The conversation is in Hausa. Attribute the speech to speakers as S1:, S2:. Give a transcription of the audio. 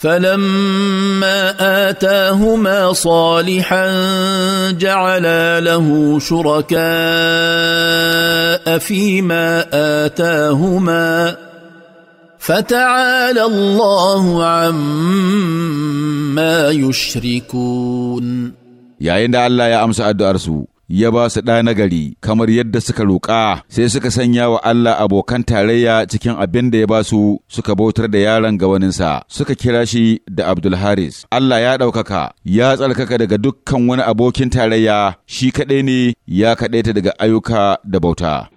S1: فلما اتاهما صالحا جعلا له شركاء فيما اتاهما فتعالى الله عما يشركون يا yayin الله
S2: يا امس ادو ارسو ya ba su ɗa nagari kamar yadda suka roƙa sai suka sanya wa Allah abokan tarayya cikin abin da ya ba su suka bautar da yaron ga waninsa suka kira shi da Abdul Haris Allah ya ɗaukaka ya tsarkaka daga dukkan wani abokin tarayya shi kaɗai ne ya kaɗaita daga ayyuka da bauta